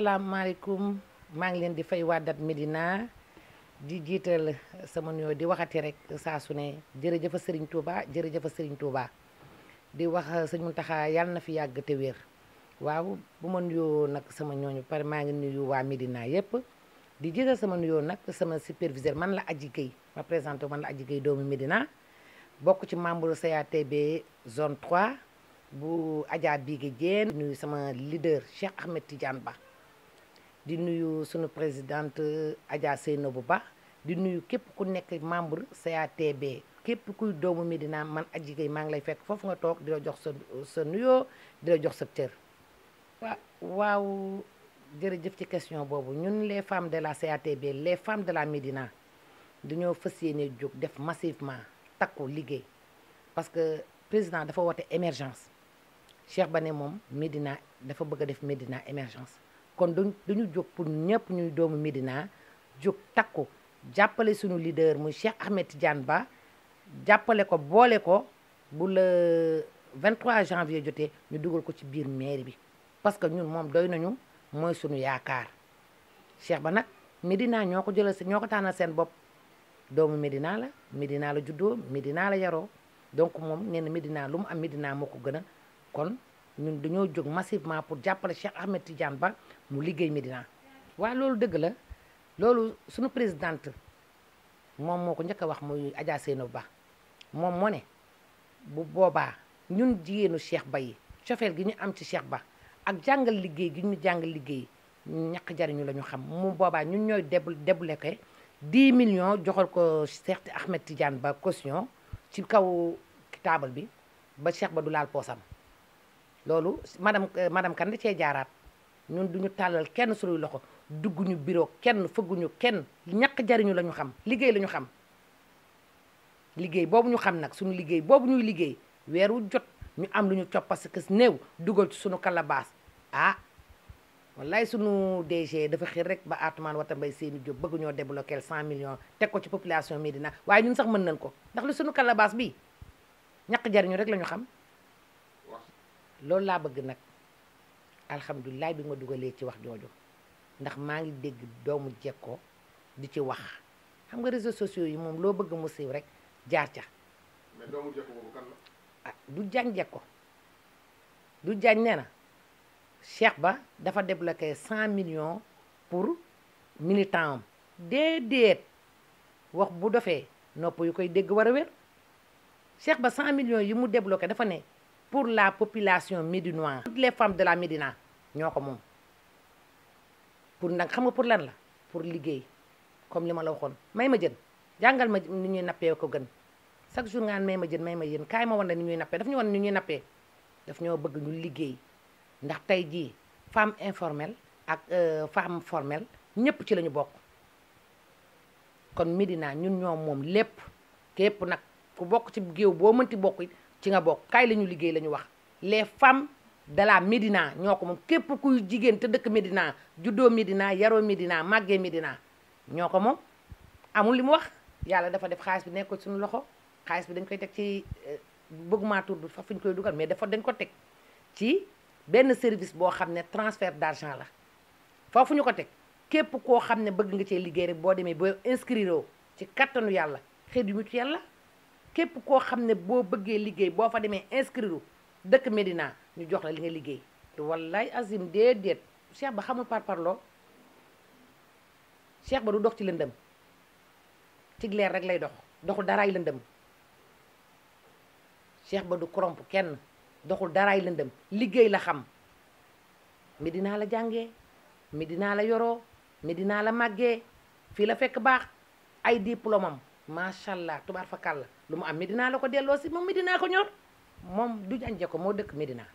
asalaamaaleykum maa ngi leen di fay waa Dat di jiital sama nuyoo di waxate rek saa su ne jërëjëfa Serigne Touba jërëjëfa Serigne Touba di wax sëñ Mountakha yàlla na fi yàgg te wér waaw bu ma nuyoo nag sama ñooñu pare maa ngi nuyu waa Médina yépp di jiital sama nuyoo nag sama superviseur man la Adji Gueye ma présenté man la Adji Gueye doomu Médina bokk ci membre CATB zone 3 bu Adja Bigué Diène nuyu sama leader Cheikh Ahmed Tidiane Ba di nuyu sunu présidente Adja Seynabou Ba di nuyu képp ku nekk membre CATB képp kuy doomu Médina man Adji Gueye maa ngi lay fekk foofu nga toog di la jox sa sa nuyoo di la jox sa cër. waaw waaw jërëjëf ci question boobu ñun les femmes de la CATB les femmes de la Médina dañoo fas yéene jóg def massivement takku liggéey parce que président dafa woote émergence Cheikh Bane moom Médina dafa bëgg a def Médina émergence. kon duñ ñu jóg pour ñëpp ñuy doomu Médina jóg takku jàppale suñu leader muy Cheikh Ahmed Tidiane Ba jàppale ko boole ko bu le 23 janvier jote ñu dugal ko ci biir mairie bi parce que ñun moom doy nañu mooy suñu yaakaar Cheikh ba nag Médina ñoo ko jëlal ñoo ko tànnal seen bopp doomu Médina la Médina la juddoo Médina la yaroo donc moom nee na Médina lu mu am Médina moo ko gën a kon ñun dañoo jóg massivement pour jàppale Cheikh Ahmed Tidiane Ba mu liggéey Médina waaw loolu dëgg la loolu suñu présidente moom moo ko njëkk a wax muy Adja Seynabou Ba moom moo ne bu boobaa ñun jigéenu Cheikh Ba yi cofeel gi ñu am ci Cheikh Ba ak jàngal liggéey gi ñu jàngal liggéey ñaq jariñu la ñu xam mu boobaa ñun ñooy débul débloqué 10 million joxal ko Cheikh Ahmed Tidiane Ba caution ci kaw taabal bi ba Cheikh Ba du laal poosam loolu madame euh, madame kan da cee jaaraat ñun duñu tàllal kenn suñuy loxo dugguñu bureau kenn fëgguñu kenn ñàkk jariñu la ñu xam liggéey la ñu xam liggéey boobu ñu xam nag suñu liggéey boobu ñuy liggéey weer wu jot ñu am lu ñu coppas kës néew dugal ci suñu kalabaas ah wallaay sunu DG dafa xir rek ba Atoumane Wata Mbaye seeni Jóob bëgg ñoo débloquer cent million teg ko ci population Médina waaye ñun sax mën nañ ko ndax lu sunu kalabaas bi ñàkk jariñu rek la ñu xam loolu laa bëgg nag alhamdulilah bi ma dugalee ci wax jooju ndax maa ngi dégg doomu jekkoo di ci wax xam nga réseaux sociaux yi moom loo bëgg mu siiw rek jaar ca. Ah, du jàng jekko du jàng nee na Cheikh Ba dafa débloqué cent million pour militant am déedéet wax bu dofee nopp yu koy dégg war a wér Cheikh Ba cent millions yi mu débloqué dafa ne. pour la population médinoise les femmes de la Médina ñoo ko moom pour nag xam nga pour lan la pour liggéey comme li ma la waxoon may ma jën jàngal ma ni ñuy nappee ko gën chaque jour ngaan may ma jën may ma jën kaay ma wan la ni ñuy nappee daf ñu wan daf ñoo bëgg ñu liggéey ndax tey jii femme informelle ak euh, femme formelle ñëpp ci lañu bokk kon Médina ñun ñoo moom lépp képp nag ku bokk ci géew boo mënti bokk it ci nga bokk kay la ñu liggéey la ñu wax lee femmes de la Médina ñoo ko moom képp kuy jigéen te dëkk Médina juddoo Médina yaroo Médina màggee Médina ñoo ko moom amul li mu wax yàlla dafa def xaalis bi nekk ko suñu loxo xaalis bi dañ koy teg ci euh, bëgguma tur bi fa fuñ koy dugal mais dafa dañ ko teg ci benn service boo xam ne transfert d'argent la foofu ñu ko teg képp koo xam ne bëgg nga cee liggéey rek boo demee boo inscrire ci kattanu yàlla xëy du mutuel la képp koo xam ne boo bëggee liggéey boo fa demee inscrire dëkk Médina ñu jox la li nga liggéey wallaay azim déedéet cheikh ba xamul par parloo cheikh ba du dox ci lëndëm ci leer rek lay dox doxul dara lëndëm cheikh ba du corrompe kenn doxul daraay lëndëm liggéey la xam Médina la jàngee Médina la yoroo Médina la màggee fii la fekk baax ay diplôme am macha allah tubaar fa kàll lu mu am Medina la ko delloo si moom Medina ko ñor moom du jaan jekko moo dëkk Medina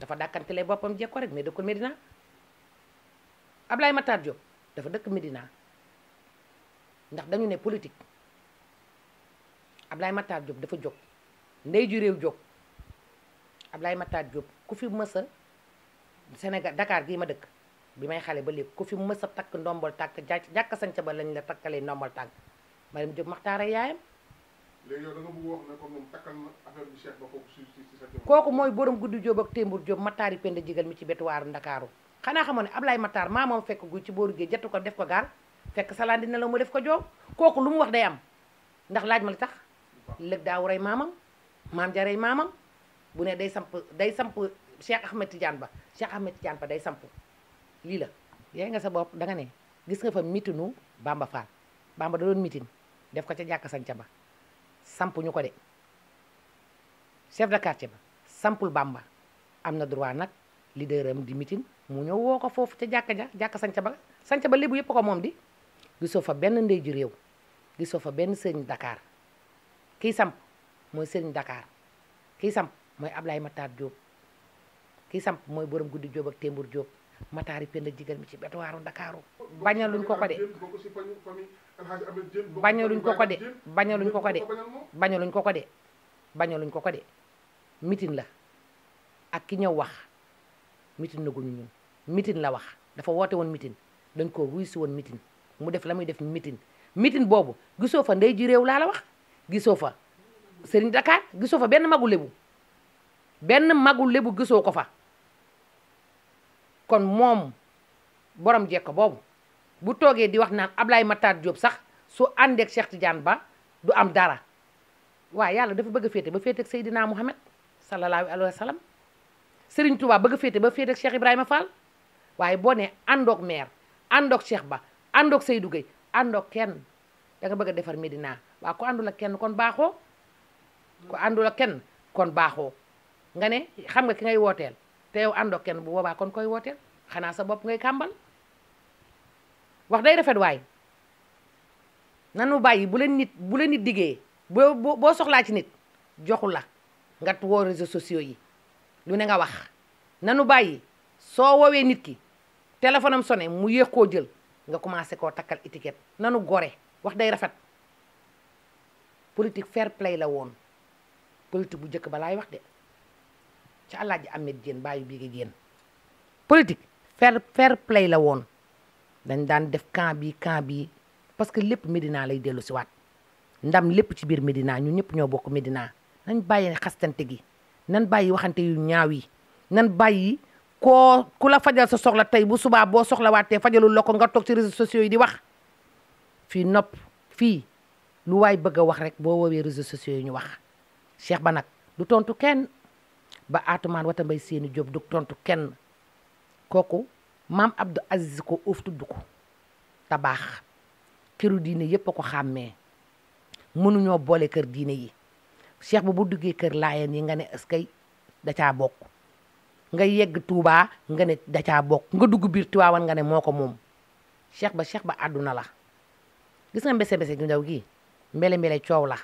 dafa dàkkante lay boppam jekko rek mais dëkkul Medina Ablaye Matar Diop dafa dëkk Medina ndax dañu ne politique Ablaye Matar dafa jóg ndey ju réew jóg Ablaye Matar jóob ku fi mës a Sénégal Dakar gii ma dëkk bi may xale ba léegi ku fi mës a takk ndombol tànk jàkk sañca ba lañ la takkalee ndombol ma Mariam Diop maxtaara yaayam léegi kooku mooy borom guddi jóob ak témbur jóob mataari penda jigal mi ci betuwaaru ndakaaru xanaa xamoon ne ab Matar mataar moom fekk gu ci booru géej jattu ko def ko gaal fekk salaan dina la mu def ko joow kooku lu mu wax day am ndax laaj ma li tax lëg daaw rey maamam maam ja maamam bu ne day samp day samp Cheikh Ahmed Tidiane ba Cheikh Ahmed Tidiane ba day samp lii la yaay nga sa bopp da nga ne gis nga fa mitinu Bamba Fall Bamba da doon mitin def ko ca jàkk sanca ba sampu ñu ko de chef de quartier sampul bàmba am na droit nag leader am di mitin mu ñëw woo ko foofu ca jàkka ja jàkka sanca ba sanca ba lébu yëpp ko moom di gisoo fa benn ndey ju réew gisoo fa benn sëriñ Dakar kii samp mooy sëriñ dakaar kii samp mooy Ablaye Matar Diop kii samp mooy borom guddi Diop ak Témbour Diop mataari penda jigal mi ci betuwaaru ndakaaru bañaluñ ko ko de bañaluñ ko ko de ko ko de bañaluñ ko ko de bañaluñ ko ko de mitin la ak ki ñëw wax mitin na guñu ñun mitin la wax dafa woote woon mitin dañ ko wuy si woon mitin mu def la muy def mitin mitin boobu gisoo fa nday ji réew laa la wax gisoo fa sëriñ Dakar gisoo fa benn magu lébu benn magu lébu gisoo ko fa kon moom boroom jekk boobu bu toogee di wax naan Ablaye mataat Diop sax su àndeek Cheikh Tidiane Ba du am dara waaye yàlla dafa bëgg a féete ba féete ak Seydina Mouhamed sallallahu alayhi wa sallam Serigne Touba bëgg a féete ba féete ak Cheikh Ibrahima Fall waaye boo nee àndoog maire àndoog Cheikh Ba àndoog Seydou Gueye àndoog kenn danga bëgg a defar Médina waa ku àndul ak kenn kon baaxoo ko àndul ak kenn kon baaxoo nga ne xam nga ki ngay wooteel te yow àndoo kenn bu boobaa kon koy wooteel xanaa sa bopp ngay kàmbal wax day rafet waay nanu bàyyi bu leen nit bu leen nit diggee boo boo soxlaa ci nit joxu la ngat woo réseaux sociaux yi lu ne nga wax nanu bàyyi soo woowee nit ki téléphone am mu yéex koo jël nga commencé koo takkal étiquette nanu gore wax day rafet politique fair play la woon politique bu njëkk balaay wax de ci Alaaji Amet Jéen bàyyi bi nga Jéen politique fair fair play la woon dañ daan def camp bi camp bi parce que lépp Médina lay dellu si waat ndam lépp ci biir Médina ñu ñëpp ñoo bokk Médina nañ bàyyi xastante gi nan bàyyi waxante yu ñaaw yi nan bàyyi ku la fajal sa soxla tey bu subaa boo soxla waatee fajalul la ko nga toog ci réseaux sociaux yi di wax fii nopp fii lu waay bëgg wax rek boo woowee réseaux sociaux yi ñu wax Cheikh ba nag du tontu kenn ba Atoumane Wata Mbaye seeni Diop duk tontu kenn kooku maam Abdou Aziz ko oftu tudd ko te baax këru diine yépp a ko xàmmee mënuñoo boole kër diine yi cheikh ba bu duggee kër laayeen yi nga ne askay da bokk nga yegg Touba nga ne da caa bokk nga dugg biir Tiwaawan nga ne moo ko moom cheikh ba cheikh ba àdduna la gis nga mbese mbese gi gi mbele mbele coow la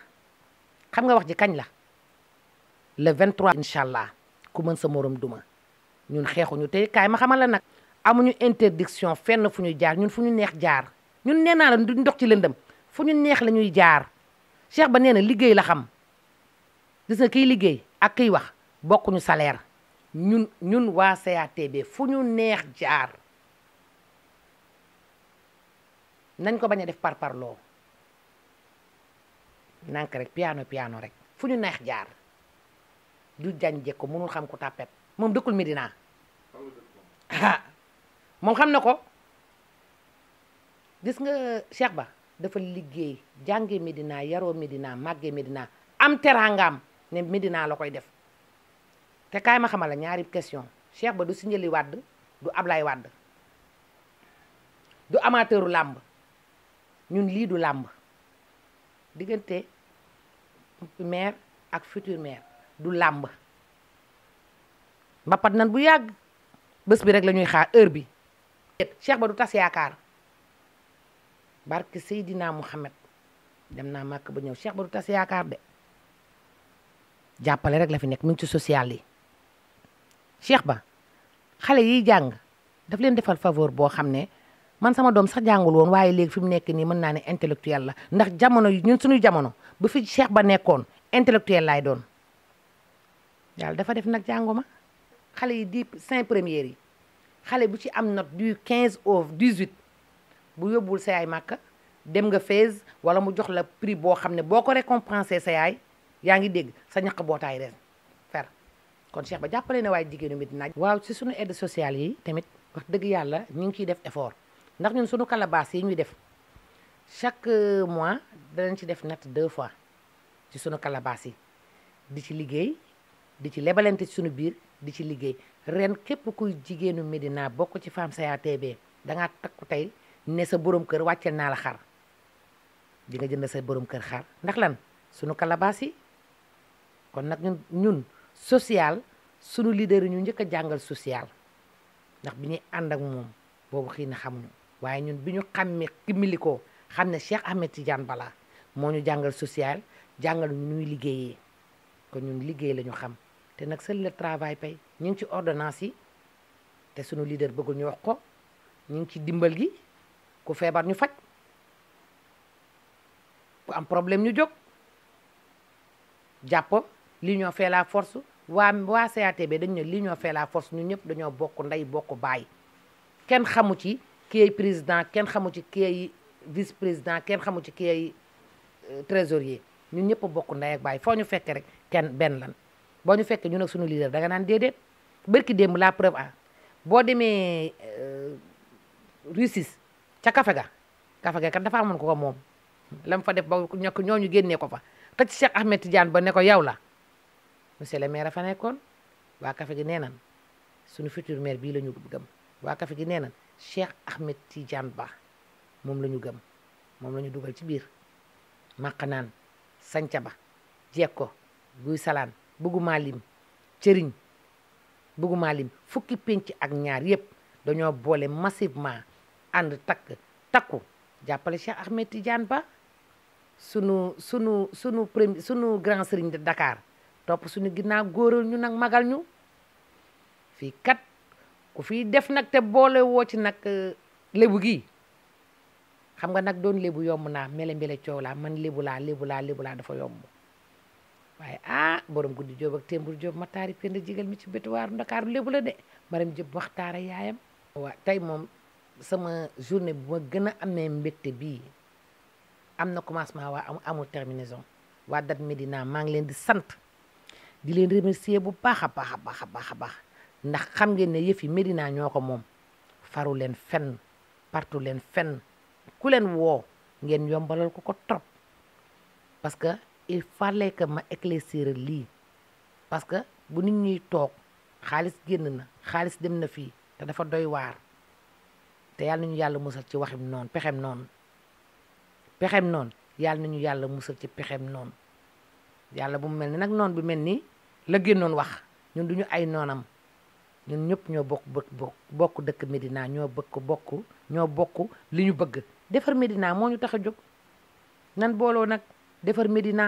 xam nga wax ji kañ la le 23 incha allah ku mën sa morom duma ñun xeexuñu te kaay ma xamal la nag amuñu interdiction fenn fu ñuy jaar ñun fu ñu neex jaar ñun nee naa du duñ dox ci lëndëm fu ñu neex la ñuy jaar Cheikh ba nee na liggéey la xam gis nga kiy liggéey ak kiy wax bokkuñu salaire ñun ñun waa CATB fu ñu neex jaar nañ ko bañ a def par parloo nank rek piano piano rek fu ñu neex jaar du jaan jekk ko mënul xam ku tàppet moom dëkkul Medina ah moom xam na ko gis nga Cheikh Ba dafa liggéey jànge Medina yaroo Medina màgge Medina am teraangam ne Medina la koy def te kaay ma xamal la ñaari question Cheikh Ba du Sindiély Wade du Ablaye Wade du amateuru làmb ñun lii du làmb diggante maire ak futur maire du làmb mbapat nan bu yàgg bés bi rek la ñuy xaar heure bi cheikh ba du tas yaakaar barke Seydina Mouhamed dem naa màkk ba ñëw cheikh ba du tas yaakaar de jàppale rek la fi nekk mu ci social yi cheikh ba xale yiy jàng daf leen defal faveur boo xam ne man sama doom sax jàngul woon waaye léegi fi mu nekk nii mën naa ne intellectuel la ndax jamono yi ñun suñu jamono bu fi cheikh ba nekkoon intellectuel laay doon yàlla dafa def nag jànguma xale yi di cinq première yi xale bu ci am note du 15 au 18 bu yóbbul sa yaay màkk dem nga Fès wala mu jox la prix boo xam ne boo ko récompensé sa yaay yaa ngi dégg sa ñaq bootaay ren fer kon Cheikh ba jàppale na waaye jigéenu mit naaj waaw si sunu aide sociale yi tamit wax dëgg yàlla ñu ngi ciy def effort ndax ñun sunu calebasse yi ñuy def chaque euh, mois danañ ci def natt deux fois ci sunu calebasse yi di ci liggéey di ci lebalante ci suñu biir di ci liggéey ren képp kuy jigéenu Médina bokk ci Femme Saya TV dangaa takku tey ne sa borom kër wàcceel naa la xar di nga jënd sa borom kër xar ndax lan suñu kalabaas kon nag ñun ñun social suñu leader ñu njëkk a jàngal social ndax bi ñuy àndak moom boobu xii na xamuñu waaye ñun bi ñu xàmmee kimilikoo xam ne Cheikh Ahmed Tidiane Bala moo ñu jàngal social jàngal ñu ñuy liggéeyee kon ñun liggéey lañu xam te nag seul le travail paye ñu ngi ci ordonnance yi te sunu leader bëggul ñu wax ko ñu ngi ci dimbal gi ku feebar ñu faj ku am problème ñu jóg jàpp lii fait la force waa waa CATB dañ lii l'union fait la force ñu ñëpp dañoo bokk ndey bokk baay kenn xamu ci kii président kenn xamu ci kii vice président kenn xamu ci kii euh, trésorier ñun ñëpp bokk ndey ak baay foo ñu fekk rek kenn benn lan boo ñu fekkee ñu ne suñu leader danga naan déedéet bërki démb laa preuve a boo demee euh, Russie ca kafega ga kafe ga kat dafa amoon ko ko moom lam fa def ba ñokk ñooñu génnee ko fa te ci Cheikh Ahmed Tidiane ba ne ko yow la monsieur le maire a fa nekkoon waa kafe gi nee nan suñu futur bii la ñu gëm waa kafe gi nee nan Cheikh Ahmed Tidiane Ba moom la ñu gëm moom la ñu dugal ci biir màqanaan sanca ba jeeg ko guy salaan bëgguma lim cëriñ bëgguma lim fukki pénc ak ñaar yépp dañoo boole massivement ànd takk takku jàppale Cheikh Ahmed Tidiane Ba sunu sunu sunu premier sunu grand sëriñ de Dakar topp suñu ginnaaw góoral ñu nag magal ñu fii kat ku fii def nag te boole woo ci nag euh, lébu gi xam nga nag doon lébu yomb naa mele mbele coow laa man lébu laa lébu laa lébu laa dafa yomb waaye ah borom guddi joob ak témbur joob ma taari penda jigal mi ci bétuwaaru ndakaaru lébu la de maram jëb waxtaara yaayam waaw tey moom sama journée bu ma gën a amee mbégte bii am na commencement waa am amul terminaison waa dat Médina maa ngi leen di sant di leen remercier bu baax a baax a baax a baax ndax xam ngeen ne yëf yi Médina ñoo ko moom faru leen fen partout leen fen ku leen woo ngeen yombalal ko ko trop parce que il fallait que ma éclaircir lii parce que bu nit ñuy toog xaalis génn na xaalis dem na fii te dafa doy waar te yàlla nañu yàlla musal ci waxim noonu pexem noonu pexem noon yàlla nañu yàlla musal ci pexem noonu yàlla bu mu mel ni nag noon bi mel ni la génnoon wax ñun duñu ay noonam ñun ñëpp ñoo bokk bokk dëkk Médina ñoo bëgg bokk ñoo bokk li ñu bëgg defar Médina moo ñu tax a jóg nan booloo nag defar Médina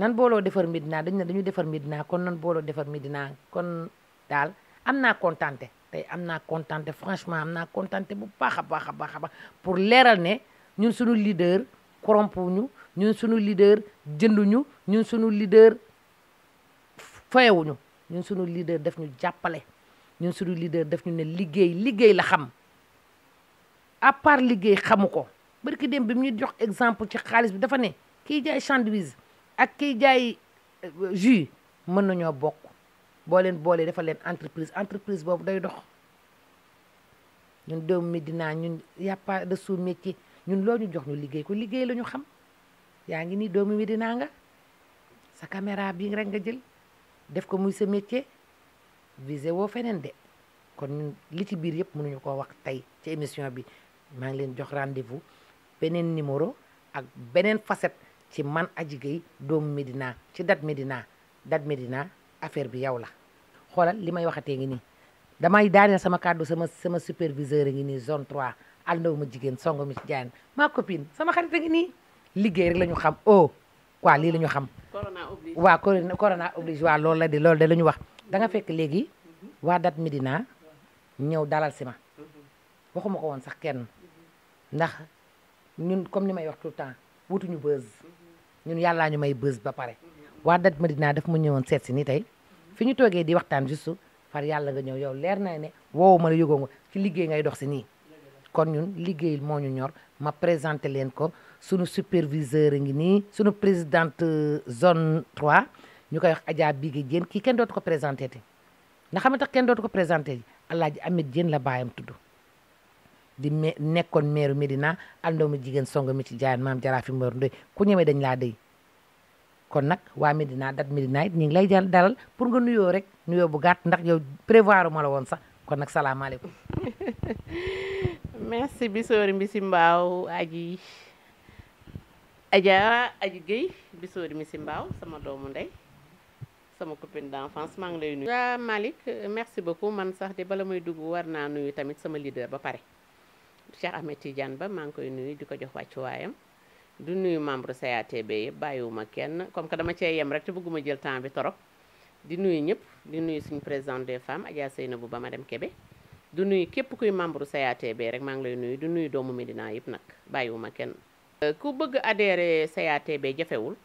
nan booloo defar Médina dañ ne dañu defar Médina kon nan booloo defar Médina kon daal am naa kontante tey am naa kontante franchement am naa kontante bu baax a baax a baax a baax pour leeral ne ñun suñu leader corrompu ñu ñun suñu leader jënduñu ñun suñu leader fayewuñu ñun suñu leader def ñu jàppale ñun suñu leader def ñu ne liggéey liggéey la xam à part liggéey xamu ko barki dem bi mu ñu jox exemple ci xaalis bi dafa ne kiy jaay sandwich ak kiy jaay euh, jus mën nañoo bokk boo leen boolee dafa leen entreprise entreprise boobu day dox ñun doomu Medina ñun y a pas de sous-métier ñun loo ñu jox ñu liggéey ko liggéey la ñu xam yaa ngi nii doomu Medina nga sa caméra bii rek nga jël def ko muy sa métier visé woo feneen de kon ñun li ci biir yëpp mënuñu ko wax tey ci émission bi maa ngi leen jox rendez-vous beneen numéro ak beneen faset ci man a Gueye doomu Médina ci Dat Médina Dat Médina affaire bi yow la xoolal li may waxatee ngi nii damay daaneel sama kàddu sama sama superviseur a ngi nii zone 3 ma jigéen songo mi ci jaan ma copine sama xarit a liggéey rek la ñu xam oh waaw lii la ñu xam waaw na oblige waaw loolu la di loolu de la ñu wax danga fekk léegi mhm. waa Dat Médina mhm. ñëw dalal si ma mhm. waxuma ko woon sax kenn ñun comme ni may wax tout le temps wutuñu buzz ñun yàllaa ñu may buzz ba pare waa dat Madina daf ma ñëwoon seet si nii tey fi ñu toogee di waxtaan juste par yàlla nga ñëw yow leer naa ne woowu ma la yëgoo nga ci liggéey ngay dox si nii kon ñun liggéey moo ñu ñor ma présenté leen ko sunu superviseur ngi nii sunu présidente euh, zone 3 ñu koy wax Adja Bigué Diène kii kenn dootu ko présenté te ndax xam nga tax kenn dootu ko présenté ji Alaaji Amet Diène la baayam tudd di me nekkoon meeru Médina àndoomu jigéen songo mi ci jaayan maam jaraa fi mbor ndoy ku ñëwee dañ laa déy kon nag waa Médina dat Médina it ñu ngi lay jël dalal pour nga nuyoo rek nuyoo bu gàtt ndax yow prévoir ma la woon sax kon nag salaamaaleykum merci bisoori mbisi mbaaw aji aja aji Guèye bisoori mbisi mbaaw sama doomu sama copine d'enfance maa ngi lay nuyu. Malick merci beaucoup man sax de bala may dugg war naa nuyu tamit sama leader ba pare Cheikh Ahmed Tidiane Ba maa ngi koy nuyu di ko jox wàccuwaayam du nuyu membre CATB yëpp bàyyiwuma kenn comme que dama cee yem rek te bëgguma jël temps bi torop di nuyu ñëpp di nuyu suñu président des femmes Adja Seynabou Ba ma dem kebe du nuyu képp kuy membre CATB rek maa ngi lay nuyu du nuyu doomu Médina yëpp nag bàyyiwuma kenn. Euh, ku bëgg adhérer CATB jafewul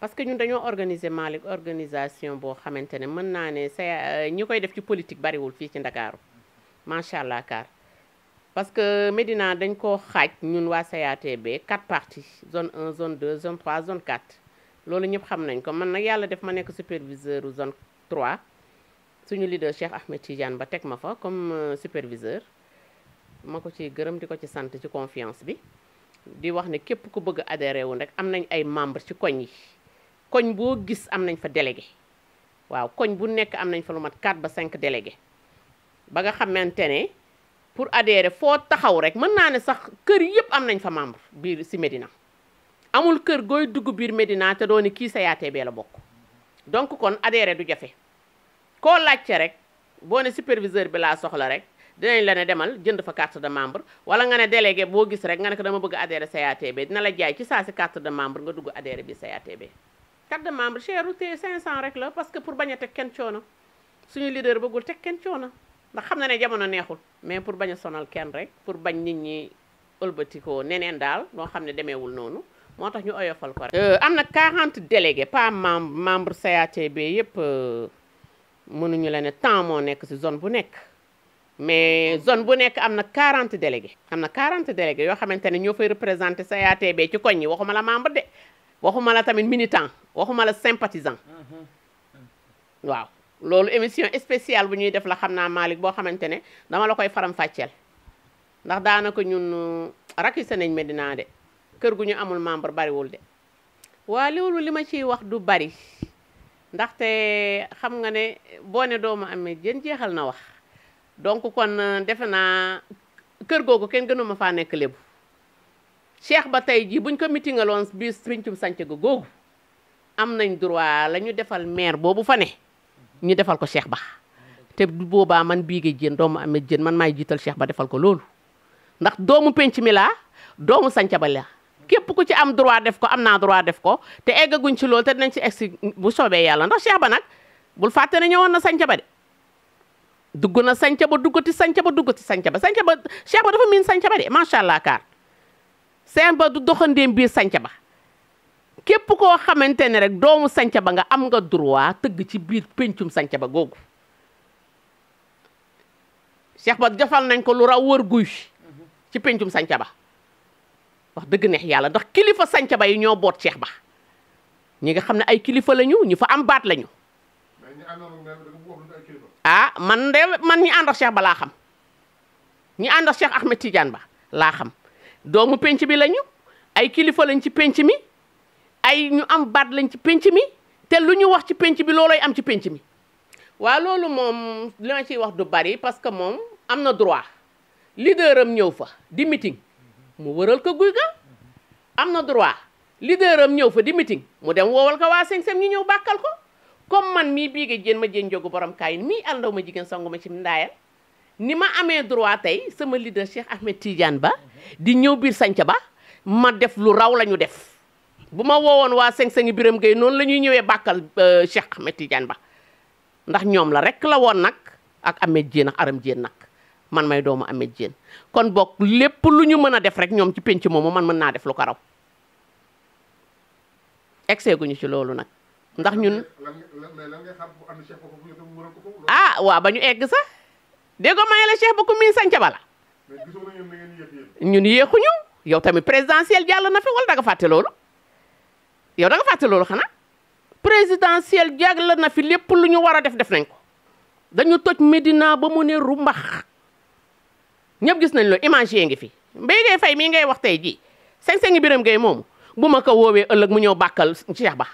parce que ñun dañoo organiser Malick organisation boo xamante ne mën naa ne CA euh, ñi koy def ci politique bariwul fii ci Ndakaaru macha allah parce que Médina dañ koo xaaj ñun waa CATB quatre partie zone un zone 2 zone 3 zone 4 loolu ñëpp xam nañ ko man nag yàlla def ma nekk superviseur zone 3 suñu leader Cheikh Ahmed Tidiane ba teg ma fa comme euh, superviseur ma ko ci gërëm di ko ci sant ci confiance bi di wax ne képp ku bëgg adhéré wu rek am nañ ay membre ci koñ yi koñ boo gis am nañ fa délégué waaw koñ bu nekk am nañ fa lu mat 4 ba cinq délégué ba nga xamante ne pour adhérer foo taxaw rek mën naa ne sax kër yëpp am nañ fa membre biir si medina amul kër gooy dugg biir Médina te dooni kii sa yaatee la bokk donc kon adhérer du jafe koo laajte rek boo ne superviseur bi laa soxla rek dinañ la ne demal jënd fa carte de membre wala nga ne délégué boo gis rek nga ne ko dama bëgg adhérer CATB dina la jaay ci saa si carte de membre nga dugg adhérer bi CATB carte de membre cher te 500 rek la parce que pour bañ a teg kenn coono suñu leader bëggul teg kenn coono ndax xam na ne jamono neexul mais pour bañ a sonal kenn rek pour bañ nit ñi ëlbatikoo neneen daal loo xam ne demeewul noonu moo tax ñu oyofal ko rek. Euh, am na 40 délégués pas membre membre CATB yëpp euh, mënuñu la ne temps moo nekk si zone bu nekk mais zone bu nekk am na quarante délégués. am na quarante délégués yoo xamante ne ñoo fay représenté CATB ci koñ ñi waxuma la membre de waxuma la tamit militant waxuma la sympathisant mm-hmm. waaw. loolu émission spéciale bu ñuy def la xam naa Malick boo xamante ne dama la koy faram fàcceel ndax daanaka ñun euh, rakise nañ Medina de kër gu ñu amul membre bariwul de waa loolu li ma ci wax du bari ndaxte xam nga ne boo ne doomu amee jën jeexal na wax donc kon euh, defe naa kër googu kenn gënuma faa nekk lébu cheikh ba tey jii buñ ko mitingaloon bis pincum sànc ga googu am nañ droit la ñu defal maire boobu fa ne ñu defal ko Cheikh Ba te boobaa man Biége Diène doomu Ameth Diène man maay jiital Cheikh Ba defal ko loolu ndax doomu penc mi laa doomu sanca ba la képp ku ci am droit def ko am naa droit def ko te eggaguñ ci loolu te dinañ ci egsi bu soobee yàlla ndax Cheikh Ba nag bul fàtte ne ñëwoon na sanca ba de dugg na sañca ba duggati sanca ba duggati sanca ba sanca ba Cheikh Ba dafa miin sanca ba de macha allah kaar seen ba du doxandéem biir sanca ba képp koo xamante ne rek doomu sanca ba nga am nga droit tëgg ci biir péncum sañca ba googu Cheikh Ba defal nañ ko lu raw wër guy ci péncum sanca ba wax dëgg neex yàlla ndax kilifa sanca ba yi ñoo boot seex Ba ñi nga xam ne ay kilifa lañu ñu fa am baat lañu ah man de man ñi ànd ak Cheikh Ba laa xam ñi ànd ak Cheikh Ahmed Ba laa xam doomu pénc bi lañu ay kilifa lañ ci penc mi ay ñu am baat lañ ci pénc mi te lu ñu wax ci pénc bi looloy am ci pénc mi waaw loolu moom li ma ciy wax du bari parce que moom am na droit leader ñëw fa di meeting mu wëral ko guy am na droit leader ñëw fa di meeting mu dem woowal ko waa sengsem ñu ñëw bàkkal ko comme man mii bii ga jéen ma jéen jogu borom kaayin mii àndaw ma jigéen sangu ma ci ndaayal ni ma amee droit tey sama leader Cheikh Ahmed Tidiane Ba di ñëw biir sanc ba ma def lu raw la ñu def bu ma woowoon waa seng-sengi Biram Gueye noonu la ñuy ñëwee bàkkal euh, Cheikh Ahmed Tidiane Ba ndax ñoom la rek la woon nag ak Ahmed Diène ak Aram Diène nag man may doomu Ahmed Diène kon bokk lépp lu ñu mën a def rek ñoom ci penc moomu man mën naa def lu ko raw egsee guñu loolu nag ndax ñun aa ah, waa ba ñu egg sax déggo maye la cheikh ba ku miin sanca bala ñun yéexuñu yow tamit présidentiel jàll na fi wal da nga fàtte loolu yow da nga fàtte loolu xanaa présidentielle jagle na fi lépp lu ñu war a def def nañ ko dañu toj Médina ba mu ne mbax ñëpp gis nañ loolu image yee ngi fi mbéy ngay fay mii ngay wax tey jii seng-sengi biram ngay moomu bu ma ko woowee ëllëg mu ñëw bàkkal Cheikh Ba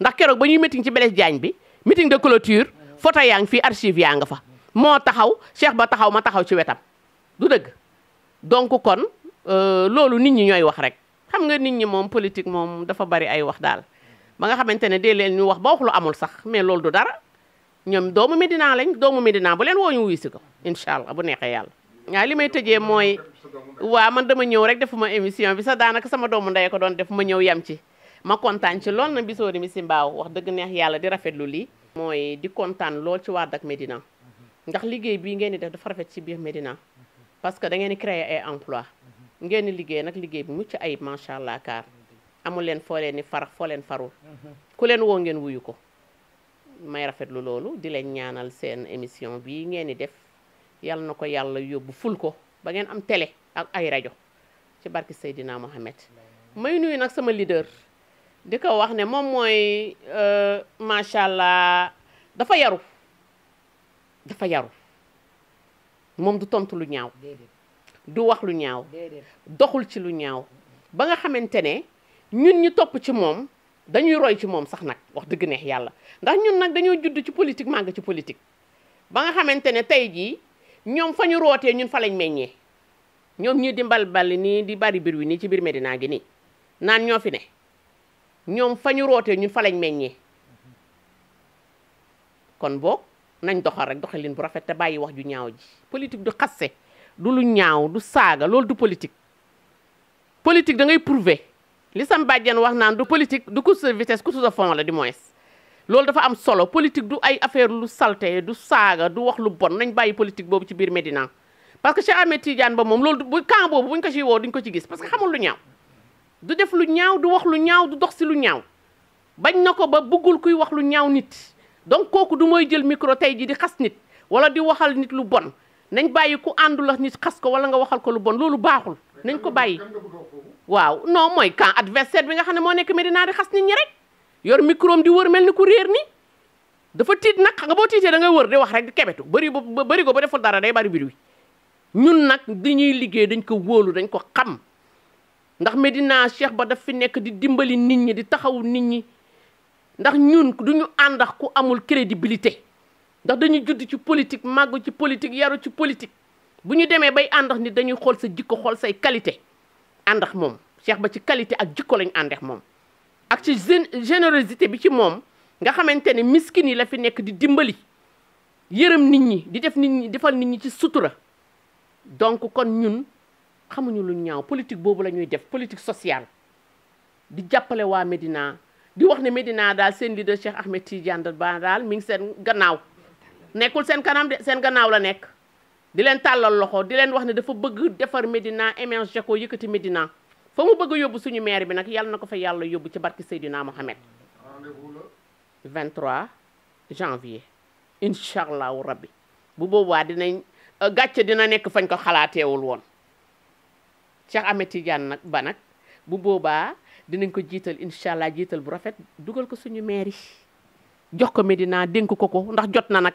ndax keroog ba ñuy meeting ci Blaise jaañ bi meeting de clôture photo yaa ngi fi archive yaa nga fa moo taxaw Cheikh Ba taxaw ma taxaw ci wetam du dëgg donc kon euh, loolu nit ñi ñooy wax rek xam nga nit ñi moom politique moom dafa bari ay wax daal ba nga xamante ne dee leen ñu wax ba wax lu amul sax mais loolu du dara ñoom doomu Medina lañ doomu Medina bu leen woo ñu wuyu si ko incha allah bu neexee yàlla. waaw li may tëjee mooy waa man dama ñëw rek defuma émission bi sax daanaka sama doomu ndey ko doon def ma ñëw yam ci ma kontaan ci lool na Bichri mi si mbaaw wax dëgg neex yàlla di rafetlu lii. mooy di kontaan lool ci waa Dak Médina ndax liggéey bii ngeen di def dafa rafet ci biir Médina parce que da ngeen di créer ay emploi ngeen di liggéey nag liggéey bu mucc ay macha allah kaar amul leen foo leen ni farax foo leen farul mm-hmm. ku leen woo ngeen wuyu ko may rafetlu loolu di leen ñaanal seen émission bi ngeen di def yàlla na ko yàlla yóbbu ful ko ba ngeen am tele ak ay rajo ci barki Seydina Mohamed may nuyu nag sama leader di ko wax ne moom mooy euh, macha allah dafa yaru dafa yaru moom du tontu lu ñaaw du wax lu ñaaw doxul ci lu ñaaw ba nga xamante ne ñun ñu topp ci moom dañuy roy ci moom sax nag wax dëgg neex yàlla ndax ñun nag dañoo judd ci politique màgg ci politique ba nga xamante ne tey jii ñoom fa ñu rootee ñun fa lañ meññee ñoom ñii di mbalbal nii di bari biir wi nii ci biir Medina gi nii naan ñoo fi ne ñoom fa rootee ñun fa lañ kon boog nañ doxal rek doxalin bu rafet te bàyyi wax ju ñaaw ji politique du xasse du lu ñaaw du saaga loolu du politique politique da ngay prouver li sam bàjjen wax naan du politique du course de vitesse course sa fond la di moins loolu dafa am solo politique du ay affaire lu salte du saaga du wax lu bon nañ bàyyi politique boobu ci biir Médina parce que Cheikh Ahmed Tidiane ba moom loolu bu camp boobu buñ ko ci woo duñ ko ci gis parce que xamul lu ñaaw du def lu ñaaw du wax lu ñaaw du dox si lu ñaaw bañ na ko ba bëggul kuy wax lu ñaaw nit donc kooku du mooy jël micro tey di xas nit wala di waxal nit lu bon nañ bàyyi ku àndul la nit xas ko wala nga waxal ko lu bon loolu baaxul nañ ko bàyyi waaw non mooy quand adversaire bi nga xam ne moo nekk Médina di xas nit ñi rek yor microom di wër mel ni ku réer ni dafa tiit nag xam nga boo tiitee da ngay wër di wax rek di kebetu bëri ba bëri ko ba deful dara day bari biir wi ñun nag di ñuy liggéey dañ ko wóolu dañ ko xam ndax Médina Cheikh Ba daf fi nekk di dimbali nit ñi di taxawul nit ñi ndax ñun du ñu ànd ak ku amul crédibilité ndax dañuy judd ci politique màggu ci politique yaru ci politique bu ñu demee bay àndax nit dañuy xool sa jikko xool say qualité àndax moom Cheikh ba ci qualité ak jikko lañ àndex moom ak ci générosité bi ci moom nga xamante ne miskin yi la fi nekk di dimbali yërëm nit ñi di def nit ñi defal nit ñi ci sutura donc kon ñun xamuñu lu ñaaw politique boobu la ñuy def politique sociale di jàppale waa Médina di wax ne Médina daal seen leader Cheikh Ahmed Tidiane Ba daal mi ngi seen gannaaw nekkul seen kanam de seen gannaaw la nekk di leen tàllal loxo di leen wax ne dafa bëgg defar Médina émerger ko yëkkati Médina foo mu bëgg yóbbu suñu maire bi nag yàlla na ko fa yàlla yóbbu ci barki Seydina Mohamed 23 janvier incha allahu rabbi bu boobaa dinañ euh, gàcce dina nekk fañ ko xalaateewul woon Cheikh nag ba nag bu boobaa dinañ ko jiital incha allah jiital bu rafet dugal ko suñu maire yi jox ko Médina dénk ko ko ndax jot na nag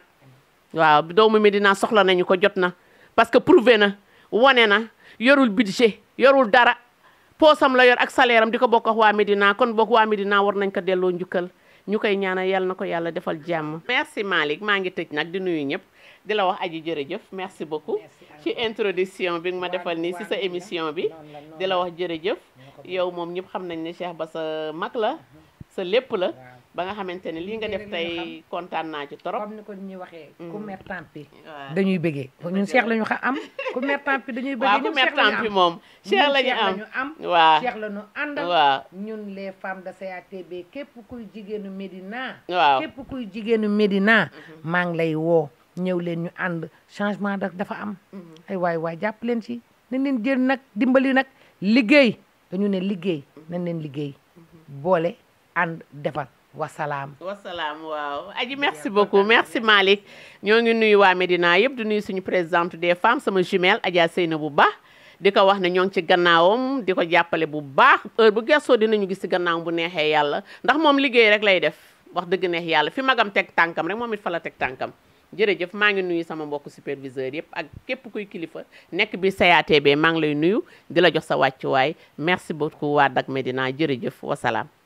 waaw doomu Medina soxla nañu ko jot na parce que prouvé na wane na yorul budget yorul dara poosam la yor ak salaire am di ko bokk waa Medina kon bokk waa Medina war nañ ko delloo njukkal ñu koy ñaana yàlla na ko yàlla defal jàmm. merci Malick maa ngi tëj nag di nuyu ñëpp di la wax aji jëre jërëjëf merci beaucoup ci introduction bi nga ma defal nii ci sa émission bi di la wax jëre jëf yow moom ñëpp xam nañ ne Cheikh Ba sa mag la sa lépp la. ba nga xamante ne lii nga def tey kontaan naa ci trop. comme ni ko ñuy waxee. commerçant mm. bi dañuy bëggee ñun Cheikh la ñu xam am. commerçant bi dañuy bëggee ñun Cheikh moom. Cheikh la ñu am waaw Cheikh nu ñu àndal. waaw ñun les femmes de CATB képp kuy jigéenu Médina. waaw képp kuy jigéenu Médina. Mm-hmm. maa ngi lay woo ñëw leen ñu ànd changement dafa am. Mm-hmm. ay waay waay jàpp leen ci nañ leen jël nag dimbali nag liggéey dañu ne liggéey mm-hmm. nañ leen liggéey boole ànd defar. wasalaam wasalaam waaw aji merci beaucoup merci Malick ñoo ngi nuyu waa Médina yëpp di nuyu suñu présidente des femmes sama jumelle na bu Ba di ko wax ne ñoo ngi ci gannaawam di ko jàppale bu baax heure bu gëstoo dinañu gis ci gannaawam bu neexee yàlla ndax moom liggéey rek lay def wax dëgg neex yàlla fi magam teg tànkam rek moom it fa la teg tànkam jërëjëf maa ngi nuyu sama mbokk superviseur yëpp ak képp kuy kilifa nekk bi CATB maa ngi lay nuyu di la jox sa wàccuwaay merci beaucoup waa Dak Médina jërëjëf wasalaam